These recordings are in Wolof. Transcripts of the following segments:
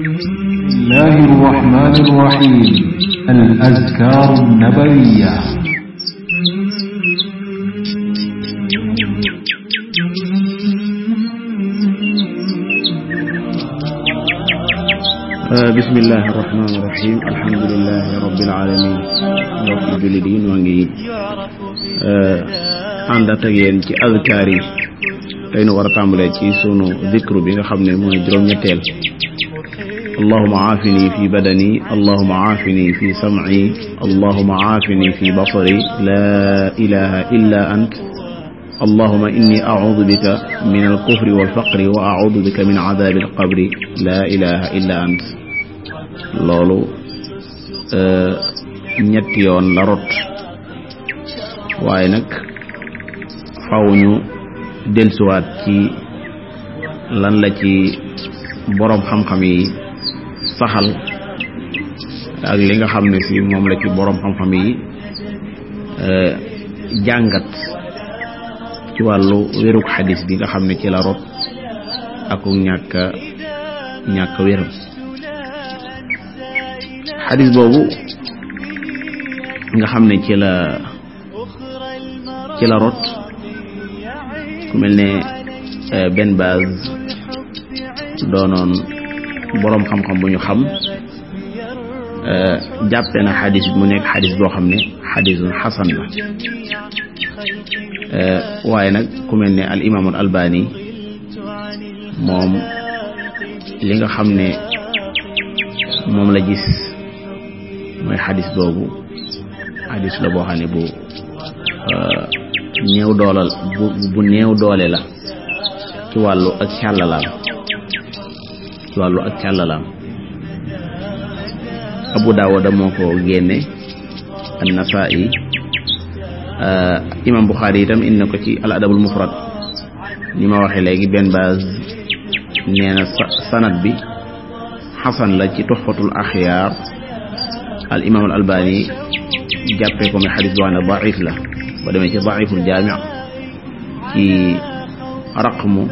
الله الرحمن الرحيم الأذكار النبوية بسم الله الرحمن الرحيم الحمد لله رب العالمين mbokk jullit yi noo ci yi a sunu zikru bi xam ne mooy juróom-ñetteel allahuma aafini fi badani allahuma aafini fi samci allahuma aafini fi basari laa ilaha illa ant allahuma inni acuudu bika min alkufri walfaqri wa acuudu bika min cadaabi alqabri laa ilaha illa ant loolu eh, ñetti yoon la rot waaye nag faw ñu dellusiwaat ci lan la ci boroom xam-xam yi saxal ak li nga xam ne si moom la ci boroom xam-xam yi eh, jàngat ci wàllu wérug xadis bi nga xam ne ci la rot ak ñàkk a ñàkk a boobu nga xam ne ci la ci la rot ku mel ne eh, benn base doonoon boroom xam-xam bu ñu xam euh, jàppe na xadis mu nekk xadis boo xam ne xadisun xasan euh, nag ku mel moom li nga xam ne moom la gis mooy xadis boobu xadis la boo xam ne bu euh, néew doole la ci wàllu ak càllalaam ci wàllu ak càllalaam abu daawuda moo ko génne an nasaa'i uh, imam buxaari itam indi na ko ci al adabul mufrad ni ma waxee léegi benn base nee na sanad bi xasan la ci tuxfatul axyaar al imam al albani jàppee ko mi xadis boo xam ne daif la boo demee ci daiful jaami ci raqmu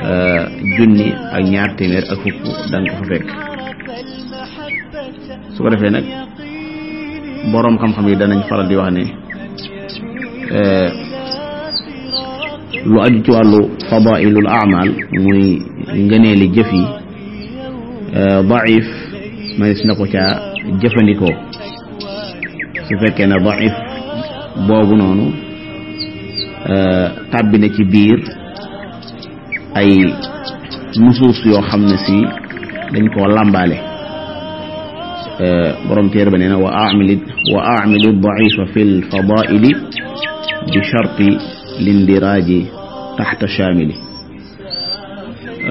Euh, junni ak ñaar téeméer ak fukk da nga ko fa fekk su ko defee nag boroom xam-xam yi danañ faral di wax ne euh, lu aju ci wàllu fadailul amal muy ngëneeli jëf yi euh, daif manis na ko caa jëfandikoo su fekkee ne daif boobu noonu tàbbi na ci biir ay nusuus yoo xam ne si dañ koo làmbaale eh, borom téere ba nee na wa amili wa amili daifa fi lfadaili bi charti lindiraaji taxta chaamili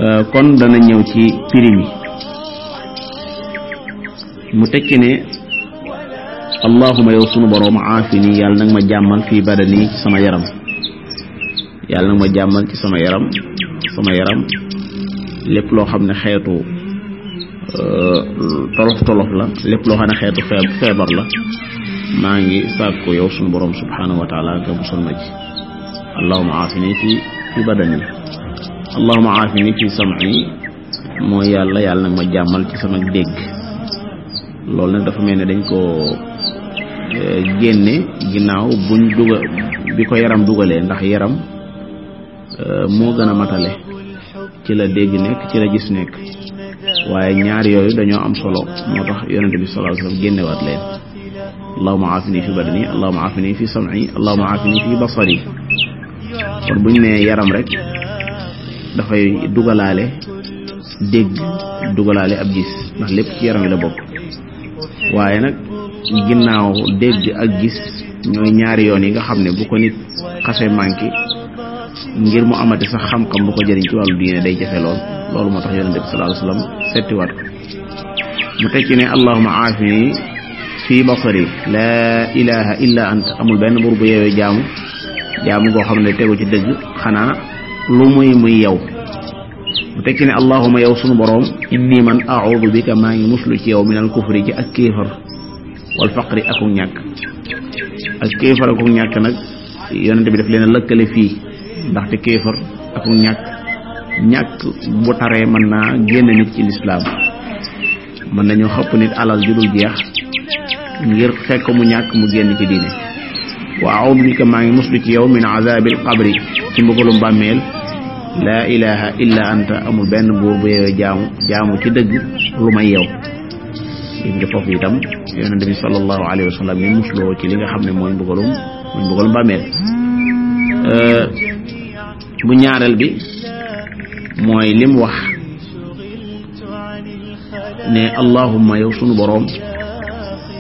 eh, kon dana ñëw ci primi mu tekki ne allahuma yow sunu boroom aafini yàlla nag ma jàmmal fii badani ci sama yaram yàlla nag ma jàmmal ci sama yaram sama yaram lépp loo xam ne xeetu euh, tolof tolof la lépp loo xam ne xeetu feeb feebar la maa ngi sàkku yow sunu borom subhanahu wa taala nga musal ma ci allahuma aafini fi fi badani allahuma mooy yàlla yàlla nag ma jàmmal ci sama dégg loolu nag dafa mel ni dañ ko euh, génne ginnaaw buñ dugal bi ko yaram dugalee ndax yaram Euh, moo gën a matale ci la dégg nekk ci la gis nekk waaye ñaar yooyu dañoo am solo moo tax yonente bi sallallahu alayhi wasallam génnewaat leen allahuma aafini fi badani allahuma aafini fi sam'i allahuma aafini bu ñu nee yaram rek dafay dugalaale dégg dugalaale ab gis ndax lépp ci yaram yi la bokk waaye nag ginnaaw dégg ak gis ñooy ñaari yoon yi nga xam ne bu ko nit xase manqué ngir mu amati sax xam-xam bu ko jëriñ ci wàllu diine day jafe lool loolu moo tax yonente bi sallallahu alayhi wasallam settiwaat ko mu tekki ne allahuma aafini fii basari laa ilaha illa ant amul benn buur bu yeewee jaamu jaamu goo xam ne tegu ci dëgg xanaa lu muy muy yow mu tekki ne allahuma yow suñu boroom inni man a'udhu bika maa ngi muslu ci yow min al kufri ci ak kéefar wal faqri akuk ñàkk ak kéefar akuk ñàkk nag yonente bi daf leen lëkkale fii ndaxte kéefër ak ñàkk ñàkk bu taree mën naa génn nit ci lislaam mën nañu xëpp nit alal ju dul jeex ngir fekk mu ñàkk mu génn ci diine wa a'uudu bika maa ngi muslu ci yow min azaabil qabri ci mbugalum bàmmeel laa ilaha illa anta amul benn buur bu yeewee jaamu jaamu ci dëgg lu may yow gis nga foofu itam yonente bi sallallahu alayhi wa sallam ni ci li nga xam ne mooy mbugalum mooy mbugalum bàmmeel bu ñaareel bi mooy lim wax ne allahumma yow sunu boroom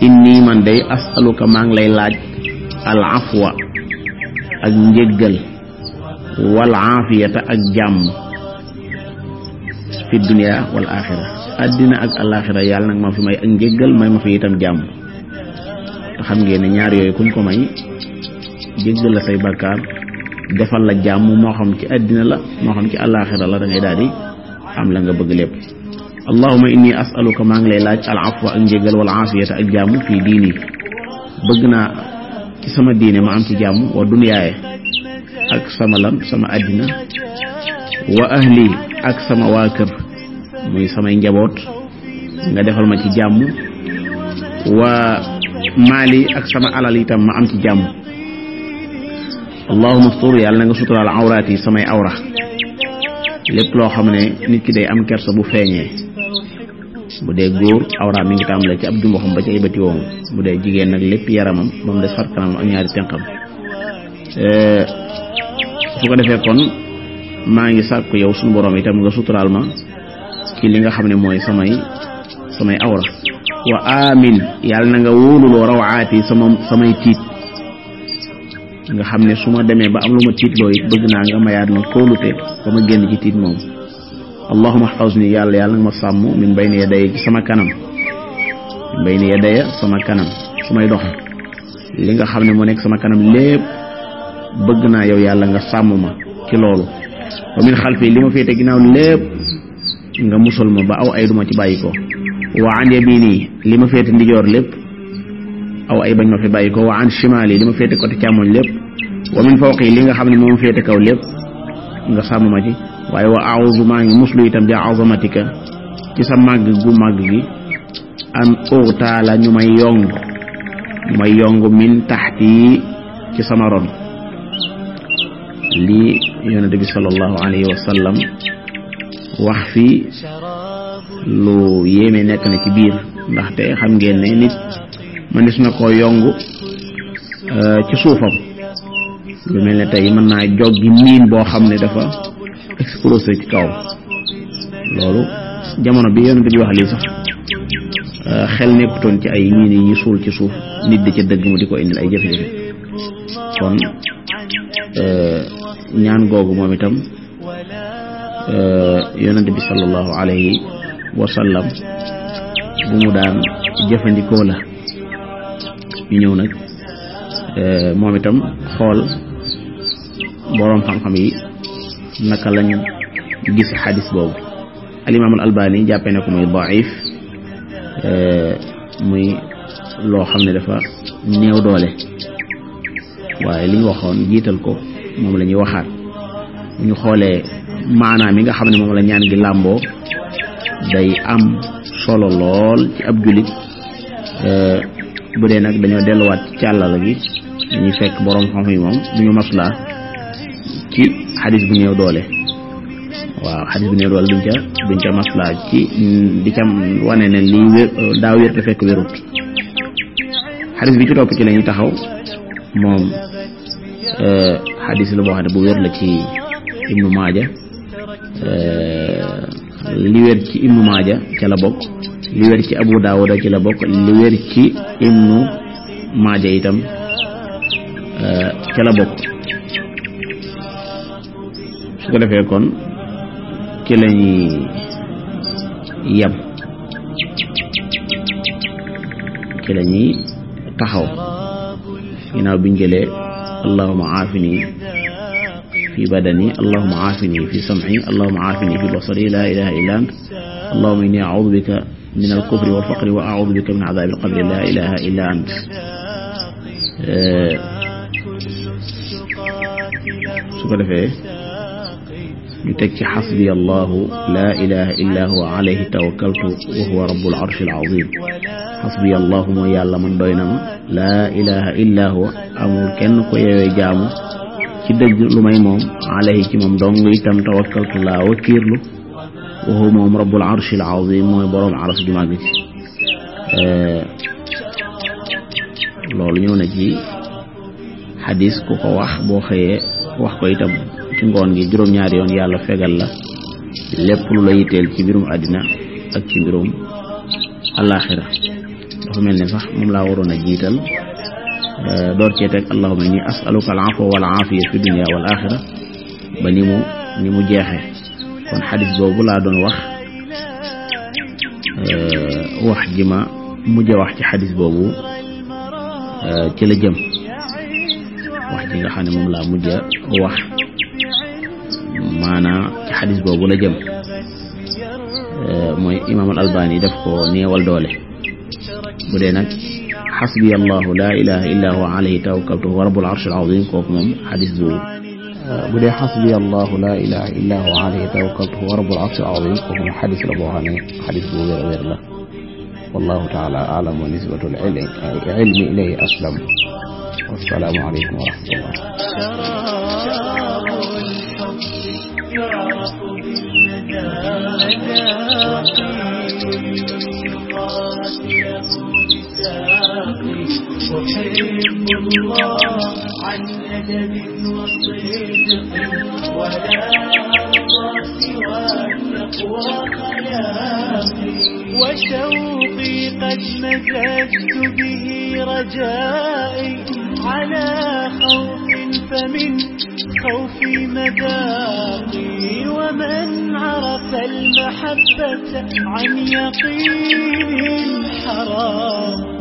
inni man day asaluka maa ngi lay laaj al afwa ak njëggal wal aafiyata ak jàmm fi dunia wal axira àddina ak alaxira yàlla nag ma fi may ak njëggal may ma fi itam jàmm te xam ngeen ñaar yooyu kuñ ko may jéggal la say bàkkaar defal la jàmm moo xam ci àddina la moo xam ci àllaaxira la da ngay daal di am la nga bëgg lépp allahuma inni asaluka maa ngi lay laaj al ak njégal wal aafiyata ak jàmm fii diini bëgg naa sama diine ma ci jàmm wa ak sama lan sama àddina wa ak sama waa samay njaboot nga defal ma ci jàmm wa ak sama alal itam ma am ci jàmm allahuma ftur yàlla na nga suturaal awraat yi samay awra lépp loo xam ne nit ki day am kersa bu feeñee bu dee góor awra mi ngi tàmbalee ci ab jumboxam ba ci ay bëti woom bu dee jigéen nag lépp yaramam ba mu des xar kanamam ak ñaari tenqam su ko defee kon maa ngi sàkku yow boroom borom itam nga suturaal ma ci li nga xam ne mooy samay samay awra wa amin yàlla na nga wóoluloo rawaati sama samay tiit nga xam ne su ma demee ba am lu ma tiitloo it bëgg naa nga mayaat ma kóolute ba ma génn ci tiit moom allahuma xafas ni yàlla yàlla nga ma sàmm min bay ni yadaya sama kanam min bay ni yadaya sama kanam su may dox li nga xam ne moo nekk sama kanam lépp bëgg naa yow yàlla nga sàmm ma ci loolu wa min xalfi li ma féete ginnaaw lépp nga musal ma ba aw ay duma ci bàyyi ko wa an yamini li ma féete ndijoor lépp aw ay bañ ma fi bàyyi ko wa an chimaali li ma féete côté càmmoñ lépp wa min fawqi li nga xam ne moom féete kaw lépp nga sàmm ma ci waaye wa aawdu maa ngi muslu itam bi azamatika ci sa màgg gu màgg gi an urtaala ñu may yong ñu may yong min taxti ci sama ron lii yonent bi sallallahu alayhi wa sallam wax fi lu yéeme nekk na ci biir ndaxte xam ngeen ne nit mënees na ko yongu eh, ci suufam lu mel ne tey mën naa joggi miin boo xam ne dafa explosé ci kaw loolu jamono bi yonent bi wax lii sax eh, xel nekkutoon ci ay miin yi suul ci suuf nit di ca dëgg mu di ko indil ay jafe-jafe eh, moom itam yonent bi sallallahu alayhi jëfandikoo la ñu ñëw nag euh, moom itam xool boroom xam-xam yi naka lañ gis xadis boobu alimaamul albani jàppee ne ko muy daif euh, muy loo xam ne dafa néew doole waaye li ñu waxoon jiital ko moom la ñuy waxaat ñu xoolee maanaam yi nga xam ne moom la ñaan gi làmboo day am solo lool ci ab jullit euh, bu dee nag dañoo delluwaat ci càllala gi dañuy fekk boroom xam moom duñu maslaa ci xadis bu ñëw doole waaw xadis bu ñëw doole duñ ca duñ ca maslaa ci di ca wane ne lii wér daa wér te fekk wérut xadis bi ci topp ci lañuy taxaw moom euh, xadis la boo xam ne bu wér la ci Ibnu Maaja euh, li wér ci Ibnu Maaja ca la bokk li wér ci abu daawuda ci la bokk li wér ci ibnu maaja itam euh, ca la bokk su ko defee kon ci lañuy yem ci lañuy taxaw ginnaaw biñ jëlee allahuma aafini fi badani allahuma aafini fi sam'i allahuma aafini fi basari laa ilaha illa ant allahuma inni a'uudu bika min al kufri wal faqri wa a'uudu bika min azaabi al qabri laa ilaaha illaa ant su ko defee ñu teg ci xasbi allahu laa ilaha illa huwa alayhi tawakkaltu wa huwa rabbul arshi al azim xasbi allahu mooy yàlla man doy na ma laa ilaha illa huwa amul kenn ko yeewee jaamu ci dëgg lu may moom alayhi ci moom dong itam tawakkaltu laa wakiirlu wa huwa moom rabbul arshil azim mooy boroom aras ju màgg ci loolu ñëw na ci xadis ku ko wax boo xëyee wax ko itam ci ngoon gi juróom-ñaari yoon yàlla fegal la lépp lu la yitteel ci mbirum àddina ak ci mbirum alaaxira mel ne sax moom la waroon a jiital eh, door cee teg allahumma inni as'aluka al afwa wal fi dunya wal axira ba ni mu ni kon xadis boobu laa doon wax euh, wax ji ma mujj wax ci xadis boobu euh, ci la jëm wax ji nga xam ne moom laa mujj wax maanaa ci xadis boobu la jëm euh, mooy imaam al albani daf ko neewal doole bu dee nag xasbi allahu laa ilaha illa huwa alayhi tawakkaltu wa rabbul arshil azim kooku moom xadis bu bu dee xasbi allahu la ilaha illa hu alayhi tawakkaltu wa rabbul arshil azim ko moom xadis la boo xam ne xadis bu wér wér la wallahu taala alam wa nisbatul ilmi ilayhi aslam wassalaamu aleykum wa rahmatullah عن أدب وصدق ولا أرضى سوى التقوى خلاقي وشوقي قد مزجت به رجائي على خوف فمن خوفي مذاقي ومن عرف المحبة عن يقين حرام